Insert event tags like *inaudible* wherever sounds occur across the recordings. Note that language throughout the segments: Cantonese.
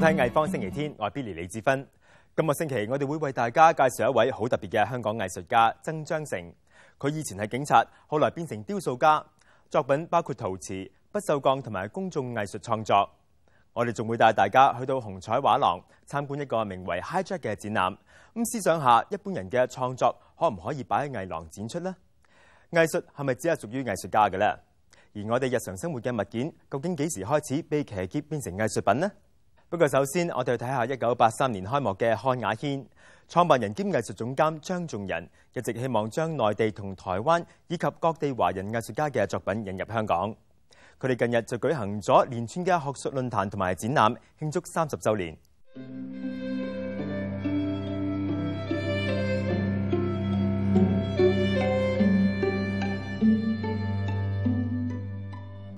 睇藝坊星期天，我係 Billy 李志芬。今個星期我哋會為大家介紹一位好特別嘅香港藝術家曾章成。佢以前係警察，後來變成雕塑家，作品包括陶瓷、不鏽鋼同埋公眾藝術創作。我哋仲會帶大家去到紅彩畫廊參觀一個名為 Hijack 嘅展覽。咁，思想下一般人嘅創作可唔可以擺喺藝廊展出呢？藝術係咪只係屬於藝術家嘅咧？而我哋日常生活嘅物件究竟幾時開始被騎劫變成藝術品呢？不過，首先我哋去睇下一九八三年開幕嘅漢雅軒。創辦人兼藝術總監張頌仁，一直希望將內地同台灣以及各地華人藝術家嘅作品引入香港。佢哋近日就舉行咗連串嘅學術論壇同埋展覽，慶祝三十週年。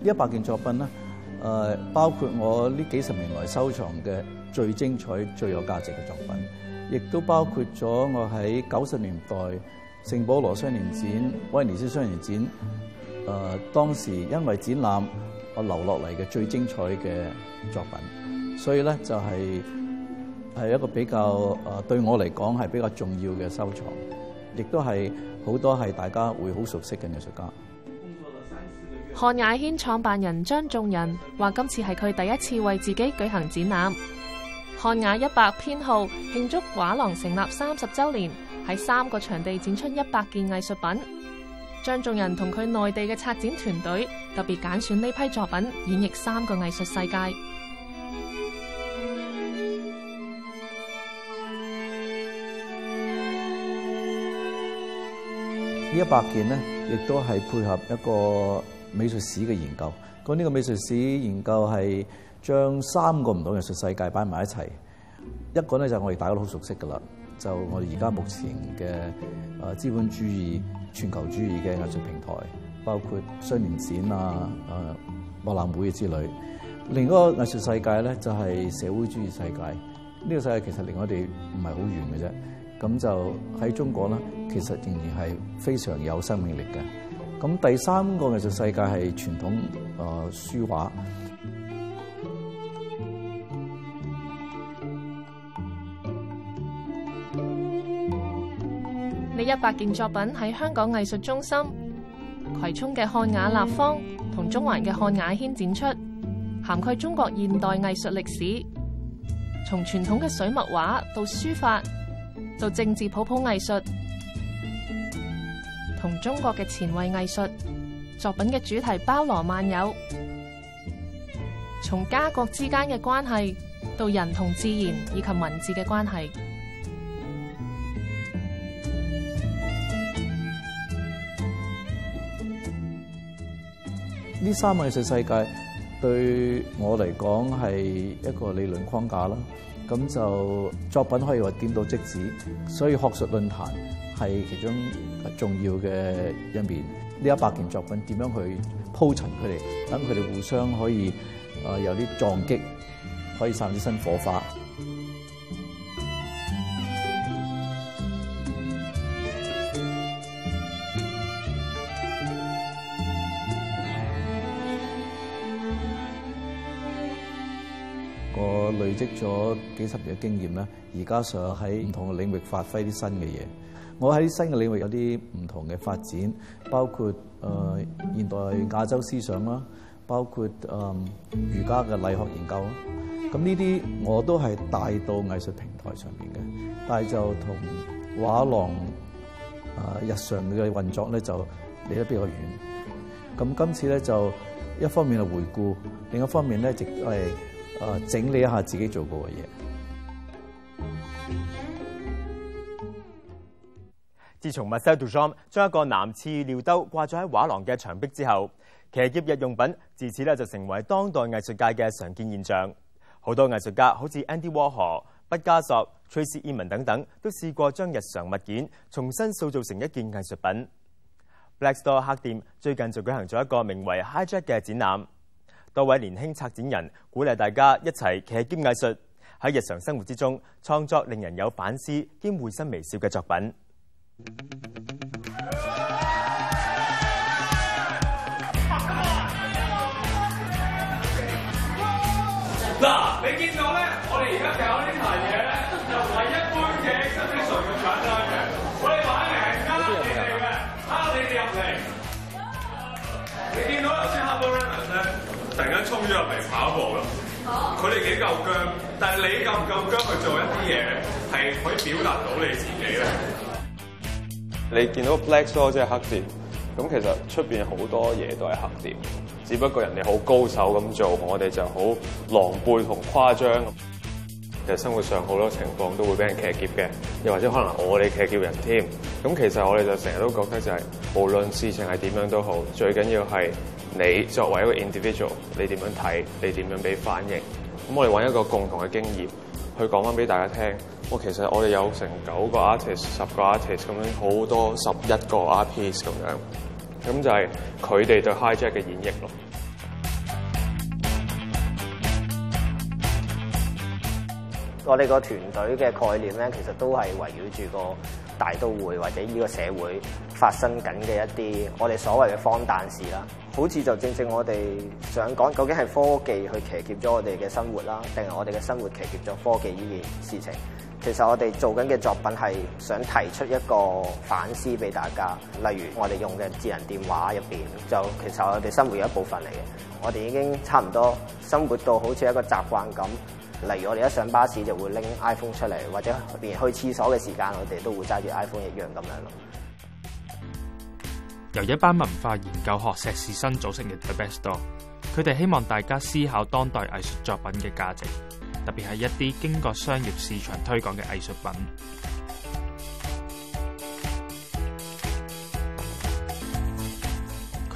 一百件作品啦。誒包括我呢幾十年來收藏嘅最精彩、最有價值嘅作品，亦都包括咗我喺九十年代聖保羅雙年展、威尼斯雙年展誒、呃、當時因為展覽我留落嚟嘅最精彩嘅作品，所以咧就係、是、係一個比較誒、呃、對我嚟講係比較重要嘅收藏，亦都係好多係大家會好熟悉嘅藝術家。漢雅軒創辦人張頌仁話：今次係佢第一次為自己舉行展覽。漢雅一百偏好，慶祝畫廊成立三十周年，喺三個場地展出一百件藝術品。張頌仁同佢內地嘅策展團隊特別揀選呢批作品，演繹三個藝術世界。呢一百件呢，亦都係配合一個。美術史嘅研究，講呢個美術史研究係將三個唔同藝術世界擺埋一齊。一個咧就係我哋大家都好熟悉噶啦，就我哋而家目前嘅誒資本主義、全球主義嘅藝術平台，包括雙年展啊、誒博覽會之類。另一個藝術世界咧就係社會主義世界。呢個世界其實離我哋唔係好遠嘅啫。咁就喺中國咧，其實仍然係非常有生命力嘅。咁第三個藝術世界係傳統誒書畫。呢一百件作品喺香港藝術中心、葵涌嘅漢雅立方同中環嘅漢雅軒展出，涵蓋中國現代藝術歷史，從傳統嘅水墨畫到書法，到政治普普藝術。同中國嘅前衛藝術作品嘅主題包羅萬有，從家國之間嘅關係，到人同自然以及文字嘅關係，呢三個藝術世界對我嚟講係一個理論框架啦。咁就作品可以話點到即止，所以學術論壇係其中重要嘅一面。呢一百件作品點樣去鋪陳佢哋，等佢哋互相可以誒、呃、有啲撞擊可以散啲新火花。累積咗幾十年嘅經驗啦，而家想喺唔同嘅領域發揮啲新嘅嘢。我喺新嘅領域有啲唔同嘅發展，包括誒、呃、現代亞洲思想啦，包括誒、呃、瑜伽嘅理學研究啦。咁呢啲我都係帶到藝術平台上面嘅，但係就同畫廊誒日常嘅運作咧就離得比較遠。咁今次咧就一方面係回顧，另一方面咧亦都係。啊！整理一下自己做過嘅嘢。自從 Marcel Duchamp 將一個男廁尿兜掛咗喺畫廊嘅牆壁之後，騎劫日用品自此咧就成為當代藝術界嘅常見現象。好多藝術家好似 Andy Warhol、畢加索、Tracey Emin 等等，都試過將日常物件重新塑造成一件藝術品。Black Store 黑店最近就舉行咗一個名為 Hijack 嘅展覽。多位年輕策展人鼓勵大家一齊騎劫藝術，喺日常生活之中創作令人有反思兼會心微笑嘅作品。突然間衝咗入嚟跑步咯，佢哋幾夠僵，但係你夠唔夠僵去做一啲嘢，係可以表達到你自己咧。你見到 Black Store 即係黑店，咁其實出邊好多嘢都係黑店，只不過人哋好高手咁做，我哋就好狼狽同誇張。其實生活上好多情況都會俾人騎劫嘅，又或者可能我哋騎劫人添。咁其實我哋就成日都覺得就係、是，無論事情係點樣都好，最緊要係。你作為一個 individual，你點樣睇？你點樣俾反應？咁我哋揾一個共同嘅經驗去講翻俾大家聽。其實我哋有成九個 artist，十個 artist 咁樣，好多十一個 art piece 咁樣，咁就係佢哋對 hijack 嘅演繹咯。我哋個團隊嘅概念咧，其實都係圍繞住個大都會或者呢個社會發生緊嘅一啲我哋所謂嘅荒誕事啦。好似就正正我哋想講，究竟係科技去騎劫咗我哋嘅生活啦，定係我哋嘅生活騎劫咗科技呢件事情？其實我哋做緊嘅作品係想提出一個反思俾大家。例如我哋用嘅智能電話入邊，就其實我哋生活有一部分嚟嘅。我哋已經差唔多生活到好似一個習慣咁。例如我哋一上巴士就會拎 iPhone 出嚟，或者連去廁所嘅時間我哋都會揸住 iPhone 一樣咁樣咯。由一班文化研究學碩士生組成嘅 Black Store，佢哋希望大家思考當代藝術作品嘅價值，特別係一啲經過商業市場推廣嘅藝術品。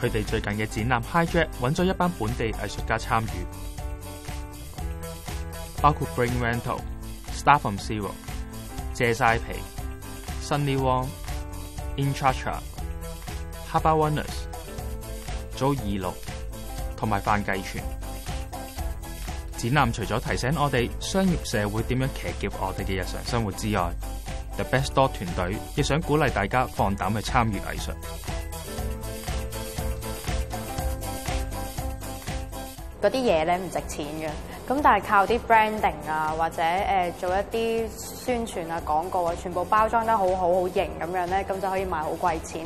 佢哋最近嘅展覽 Hijack 搵咗一班本地藝術家參與，包括 Bring Rental、Star from Zero、借晒皮、Sunny Wong、Intracha。哈巴溫奴、周二六同埋范繼全展覽，除咗提醒我哋商業社會點樣騎劫我哋嘅日常生活之外，The Best Store 團隊亦想鼓勵大家放膽去參與藝術，嗰啲嘢咧，唔值錢嘅。咁但係靠啲 branding 啊，或者誒做一啲宣傳啊、廣告啊，全部包裝得好好好型咁樣咧，咁就可以賣好貴錢。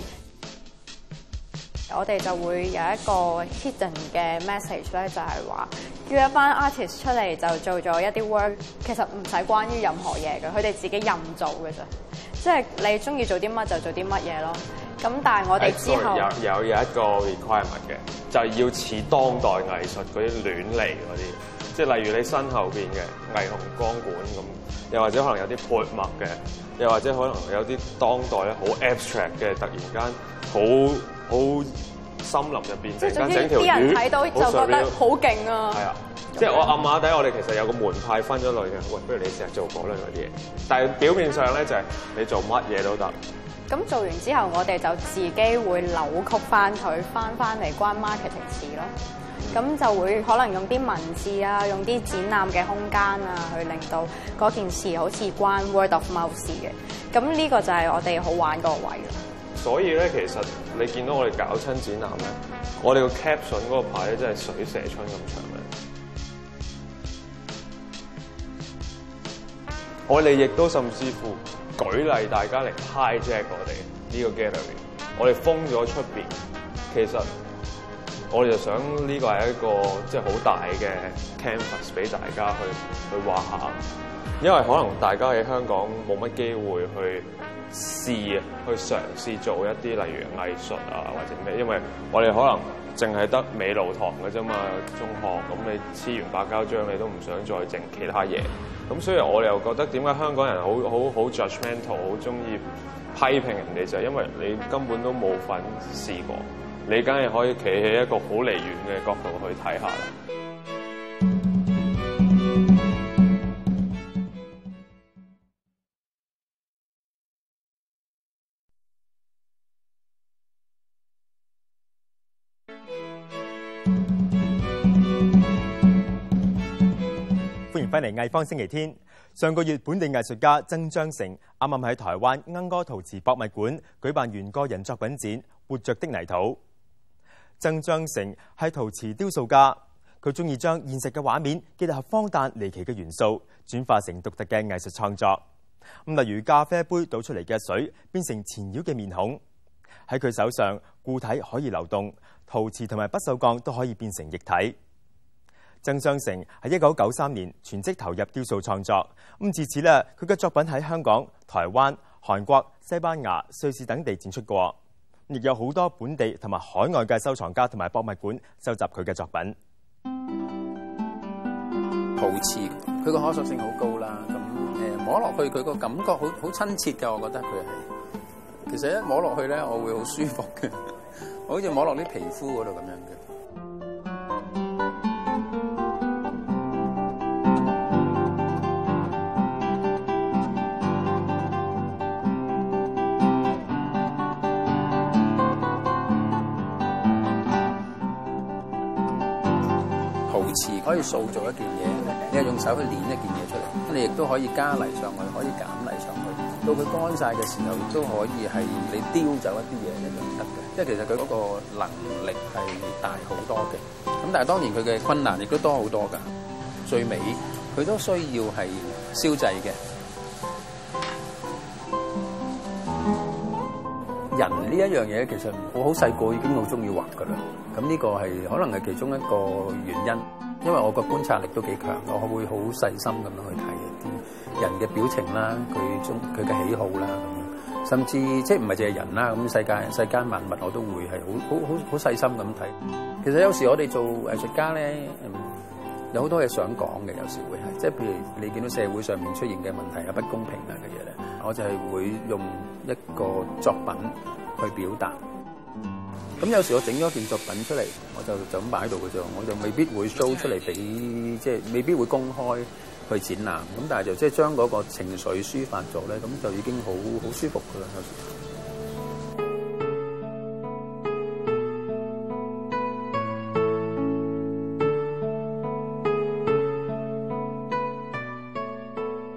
我哋就會有一個 hidden 嘅 message 咧，就係話叫一班 artist 出嚟就做咗一啲 work。其實唔使關於任何嘢嘅，佢哋自己任做嘅啫。即係你中意做啲乜就做啲乜嘢咯。咁但係我哋之後有有一個 requirement 嘅，就要似當代藝術嗰啲亂嚟嗰啲，即係例如你身後邊嘅霓虹光管咁，又或者可能有啲潑墨嘅，又或者可能有啲當代好 abstract 嘅，突然間好。好森林入邊，即係總之啲人睇到就覺得好勁啊、嗯！係啊，即係我暗啞底，我哋其實有個門派分咗類嘅。喂，不如你試下做火類嗰啲嘢。但係表面上咧就係你做乜嘢都得。咁做完之後，我哋就自己會扭曲翻佢，翻翻嚟關 marketing 事咯。咁就會可能用啲文字啊，用啲展覽嘅空間啊，去令到嗰件事好似關 word of mouth 嘅。咁呢個就係我哋好玩嗰個位咯。所以咧，其實你見到我哋搞親展覽咧，我哋個 caption 嗰個牌咧，真係水蛇春咁長嘅。我哋亦都甚至乎舉例大家嚟 Hijack 我哋呢個 gallery。我哋封咗出面。其實我哋就想呢個係一個即係好大嘅 canvas 俾大家去去畫下，因為可能大家喺香港冇乜機會去。試啊，去嘗試做一啲例如藝術啊，或者咩，因為我哋可能淨係得美勞堂嘅啫嘛，中學咁你黐完白膠漿，你都唔想再整其他嘢，咁所以我哋又覺得點解香港人好好好 judgemental，好中意批評人哋就係因為你根本都冇份試過，你梗係可以企喺一個好離遠嘅角度去睇下啦。嚟藝坊星期天。上個月本地藝術家曾章成啱啱喺台灣鶯歌陶瓷博物館舉辦完個人作品展《活着的泥土》。曾章成係陶瓷雕塑家，佢中意將現實嘅畫面結合荒誕離奇嘅元素，轉化成獨特嘅藝術創作。咁例如咖啡杯倒出嚟嘅水變成纏繞嘅面孔，喺佢手上，固體可以流動，陶瓷同埋不鏽鋼都可以變成液體。曾章成喺一九九三年全職投入雕塑創作，咁至此咧，佢嘅作品喺香港、台灣、韓國、西班牙、瑞士等地展出過，亦有好多本地同埋海外嘅收藏家同埋博物館收集佢嘅作品。陶瓷，佢個可塑性好高啦，咁誒摸落去佢個感覺好好親切噶，我覺得佢係，其實一摸落去咧，我會好舒服嘅， *laughs* 我好似摸落啲皮膚嗰度咁樣嘅。可以塑造一件嘢，你係用手去捻一件嘢出嚟，你亦都可以加泥上去，可以減泥上去。到佢乾晒嘅時候，亦都可以係你丟走一啲嘢你就唔得嘅。即係其實，佢嗰個能力係大好多嘅。咁但係當然佢嘅困難亦都多好多噶，最尾佢都需要係燒製嘅。人呢一樣嘢其實我好細個已經好中意畫㗎啦。咁呢個係可能係其中一個原因。因為我個觀察力都幾強，我會好細心咁樣去睇人嘅表情啦，佢中佢嘅喜好啦，咁樣，甚至即係唔係淨係人啦，咁世界世間萬物我都會係好好好好細心咁睇。其實有時我哋做藝術家咧，有好多嘢想講嘅，有時會係即係譬如你見到社會上面出現嘅問題有不公平啊嘅嘢咧，我就係會用一個作品去表達。咁有時我整咗件作品出嚟，我就就咁擺喺度嘅啫，我就未必會 show 出嚟俾，即係未必會公開去展覽。咁但係就即係將嗰個情緒抒發咗咧，咁就已經好好舒服噶啦。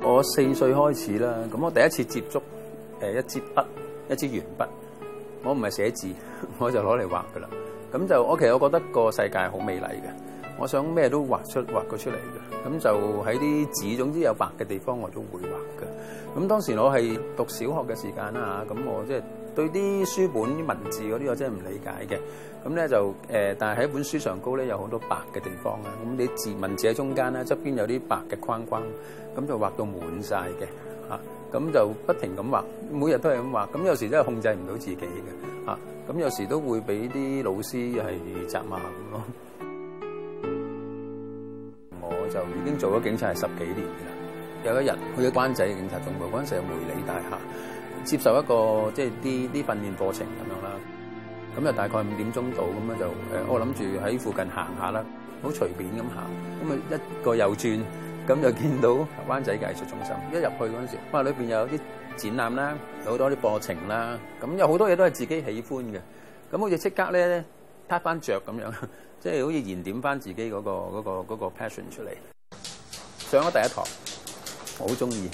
有時我四歲開始啦，咁我第一次接觸誒一支筆，一支鉛筆。我唔係寫字，我就攞嚟畫㗎喇。咁就我其實我覺得個世界好美麗嘅，我想咩都畫出畫個出嚟嘅。咁就喺啲紙，總之有白嘅地方我都會畫嘅。咁當時我係讀小學嘅時間啦，咁我即係、就是、對啲書本啲文字嗰啲我真係唔理解嘅。咁咧就、呃、但係喺本書上高咧有好多白嘅地方啊。咁你字文字喺中間呢，側邊有啲白嘅框框，咁就畫到滿晒嘅。啊，咁就不停咁畫，每日都係咁畫，咁有時真係控制唔到自己嘅，啊，咁有時都會俾啲老師係責罵咁咯 *music* 。我就已經做咗警察係十幾年啦，有一日去咗灣仔警察總部嗰陣時，梅里大廈接受一個即係啲啲訓練課程咁樣啦。咁就大概五點鐘到，咁樣就誒，我諗住喺附近行下啦，好隨便咁行，咁啊一個右轉。咁就見到灣仔嘅藝術中心，一入去嗰陣時，哇！裏邊有啲展覽啦，有好多啲課程啦，咁有好多嘢都係自己喜歡嘅，咁好似即刻咧撻翻着咁樣，即係好似燃點翻自己嗰、嗰個、嗰個、嗰個 passion 出嚟。上咗第一堂，我好中意。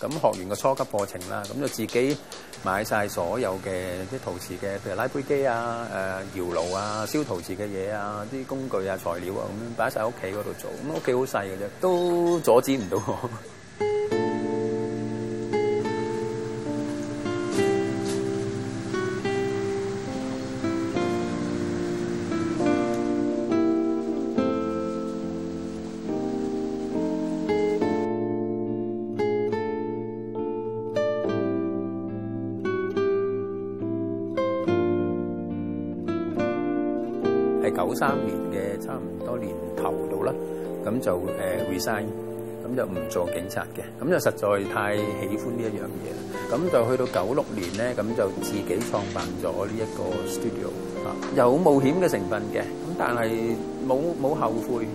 咁學完個初級課程啦，咁就自己。買曬所有嘅啲陶瓷嘅，譬如拉坯機啊、誒窯爐啊、燒陶瓷嘅嘢啊、啲工具啊、材料啊，咁擺曬屋企嗰度做，咁屋企好細嘅啫，都阻止唔到我。九三年嘅差唔多年頭度啦，咁就誒 resign，咁就唔做警察嘅，咁就實在太喜歡呢一樣嘢啦。咁就去到九六年咧，咁就自己創辦咗呢一個 studio，嚇，有冒險嘅成分嘅，咁但係冇冇後悔。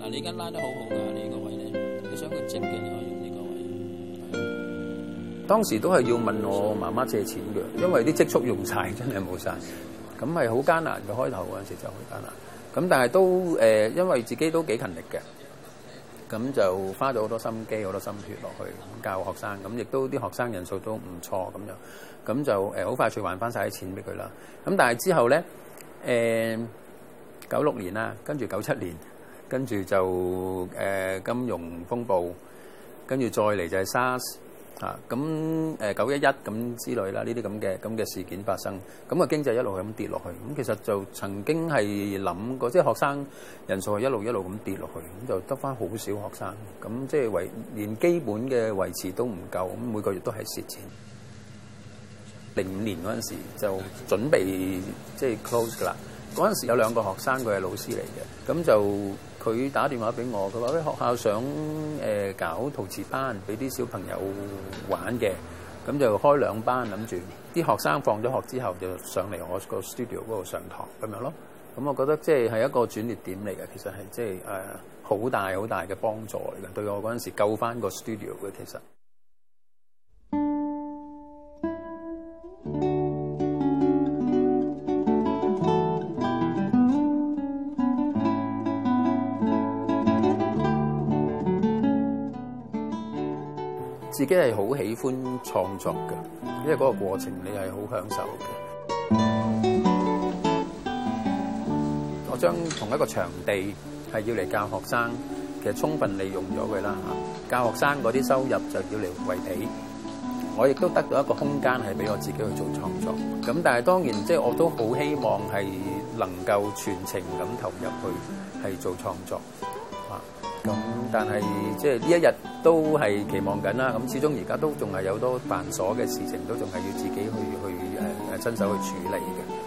嗱，你而家拉得好好㗎，呢個位咧，你想佢靜嘅，你可以用呢個位。當時都係要問我媽媽借錢嘅，因為啲積蓄用曬，真係冇曬。咁係好艱難嘅，開頭嗰陣時候就好艱難，咁但係都誒、呃，因為自己都幾勤力嘅，咁就花咗好多心機、好多心血落去教學生，咁亦都啲學生人數都唔錯咁樣，咁就好、呃、快趣還翻曬啲錢俾佢啦。咁但係之後咧，誒九六年啦，跟住九七年，跟住就、呃、金融風暴，跟住再嚟就係沙士。咁誒九一一咁之類啦，呢啲咁嘅咁嘅事件發生，咁個經濟一路咁跌落去，咁其實就曾經係諗過，即係學生人數係一路一路咁跌落去，咁就得翻好少學生，咁即係連基本嘅維持都唔夠，咁每個月都係蝕錢。零五年嗰陣時就準備即係、就是、close 㗎啦，嗰陣時有兩個學生佢係老師嚟嘅，咁就。佢打電話俾我，佢話：喺學校想誒、呃、搞陶瓷班，俾啲小朋友玩嘅，咁就開兩班，諗住啲學生放咗學之後就上嚟我個 studio 嗰度上堂，咁樣咯。咁我覺得即係係一個轉捩點嚟嘅，其實係即係誒好大好大嘅幫助嚟嘅，對我嗰陣時救翻個 studio 嘅其實。自己係好喜歡創作嘅，因為嗰個過程你係好享受嘅。我將同一個場地係要嚟教學生，其實充分利用咗佢啦吓。教學生嗰啲收入就要嚟維繫，我亦都得到一個空間係俾我自己去做創作。咁但係當然，即係我都好希望係能夠全程咁投入去係做創作啊。咁但係即係呢一日。都係期望緊啦，咁始終而家都仲係有好多繁瑣嘅事情，都仲係要自己去去誒誒親手去處理嘅。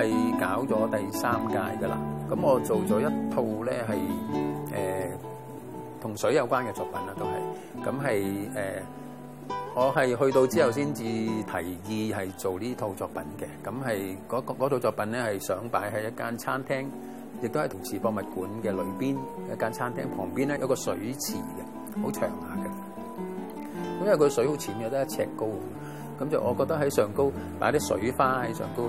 係搞咗第三屆噶啦，咁我做咗一套咧，係誒同水有關嘅作品啦，都係咁係誒，我係去到之後先至提議係做呢套作品嘅。咁係嗰套作品咧，係想擺喺一間餐廳，亦都係陶瓷博物館嘅裏邊一間餐廳旁邊咧有個水池嘅，好長下嘅，咁因為佢水好淺嘅，得一尺高。咁就我覺得喺上高擺啲水花喺上高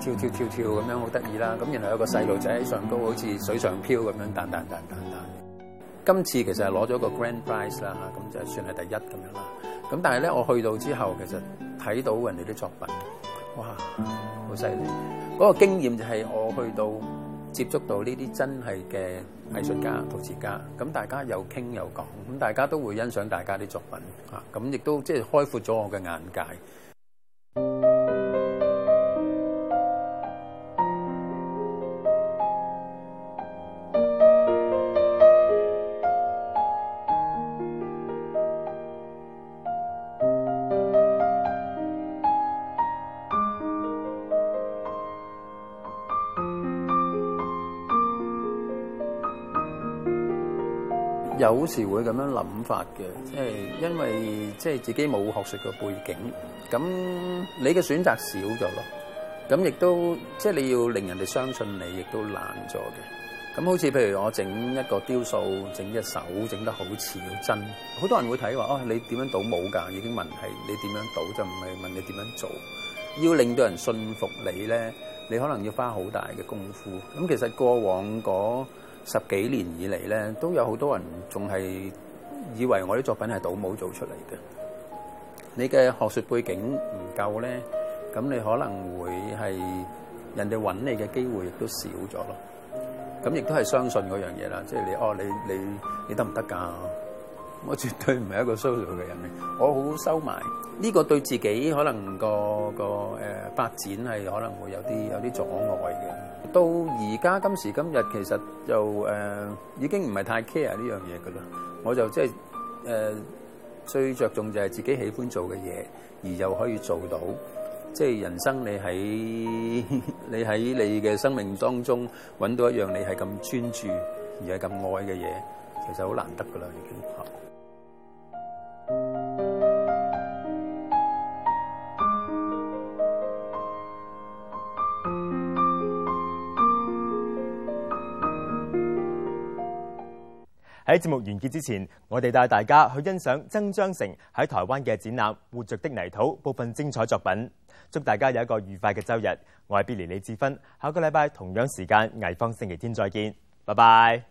跳跳跳跳咁樣好得意啦！咁然後有個細路仔喺上高好似水上漂咁樣彈彈彈彈彈。今次其實係攞咗個 grand prize 啦嚇，咁就算係第一咁樣啦。咁但係咧，我去到之後其實睇到人哋啲作品，哇，好犀利！嗰個經驗就係我去到。接觸到呢啲真係嘅藝術家、陶瓷家，咁大家有傾有講，咁大家都會欣賞大家啲作品，吓，咁亦都即係開闊咗我嘅眼界。好時會咁樣諗法嘅，即係因為即係自己冇學術嘅背景，咁你嘅選擇少咗咯。咁亦都即係你要令人哋相信你，亦都難咗嘅。咁好似譬如我整一個雕塑，整隻手整得好似真，好多人會睇話：哦、哎，你點樣倒冇㗎？已經問係你點樣倒，就唔係問你點樣做。要令到人信服你咧，你可能要花好大嘅功夫。咁其實過往嗰十幾年以嚟咧，都有好多人仲係以為我啲作品係倒模做出嚟嘅。你嘅學術背景唔夠咧，咁你可能會係人哋揾你嘅機會亦都少咗咯。咁亦都係相信嗰樣嘢啦，即係你，哦，你你你得唔得㗎？我絕對唔係一個 show 嘅人嚟，我好收埋呢個對自己可能個個誒發、呃、展係可能會有啲有啲阻礙嘅。到而家今時今日，其實就誒、呃、已經唔係太 care 呢樣嘢嘅啦。我就即係誒最着重就係自己喜歡做嘅嘢，而又可以做到。即係人生你喺 *laughs* 你喺你嘅生命當中揾到一樣你係咁專注而係咁愛嘅嘢，其實好難得噶啦已經嚇。喺節目完結之前，我哋帶大家去欣賞曾章成喺台灣嘅展覽《活着的泥土》部分精彩作品。祝大家有一個愉快嘅周日。我係 Billy 李志芬，下個禮拜同樣時間，藝方星期天再見。拜拜。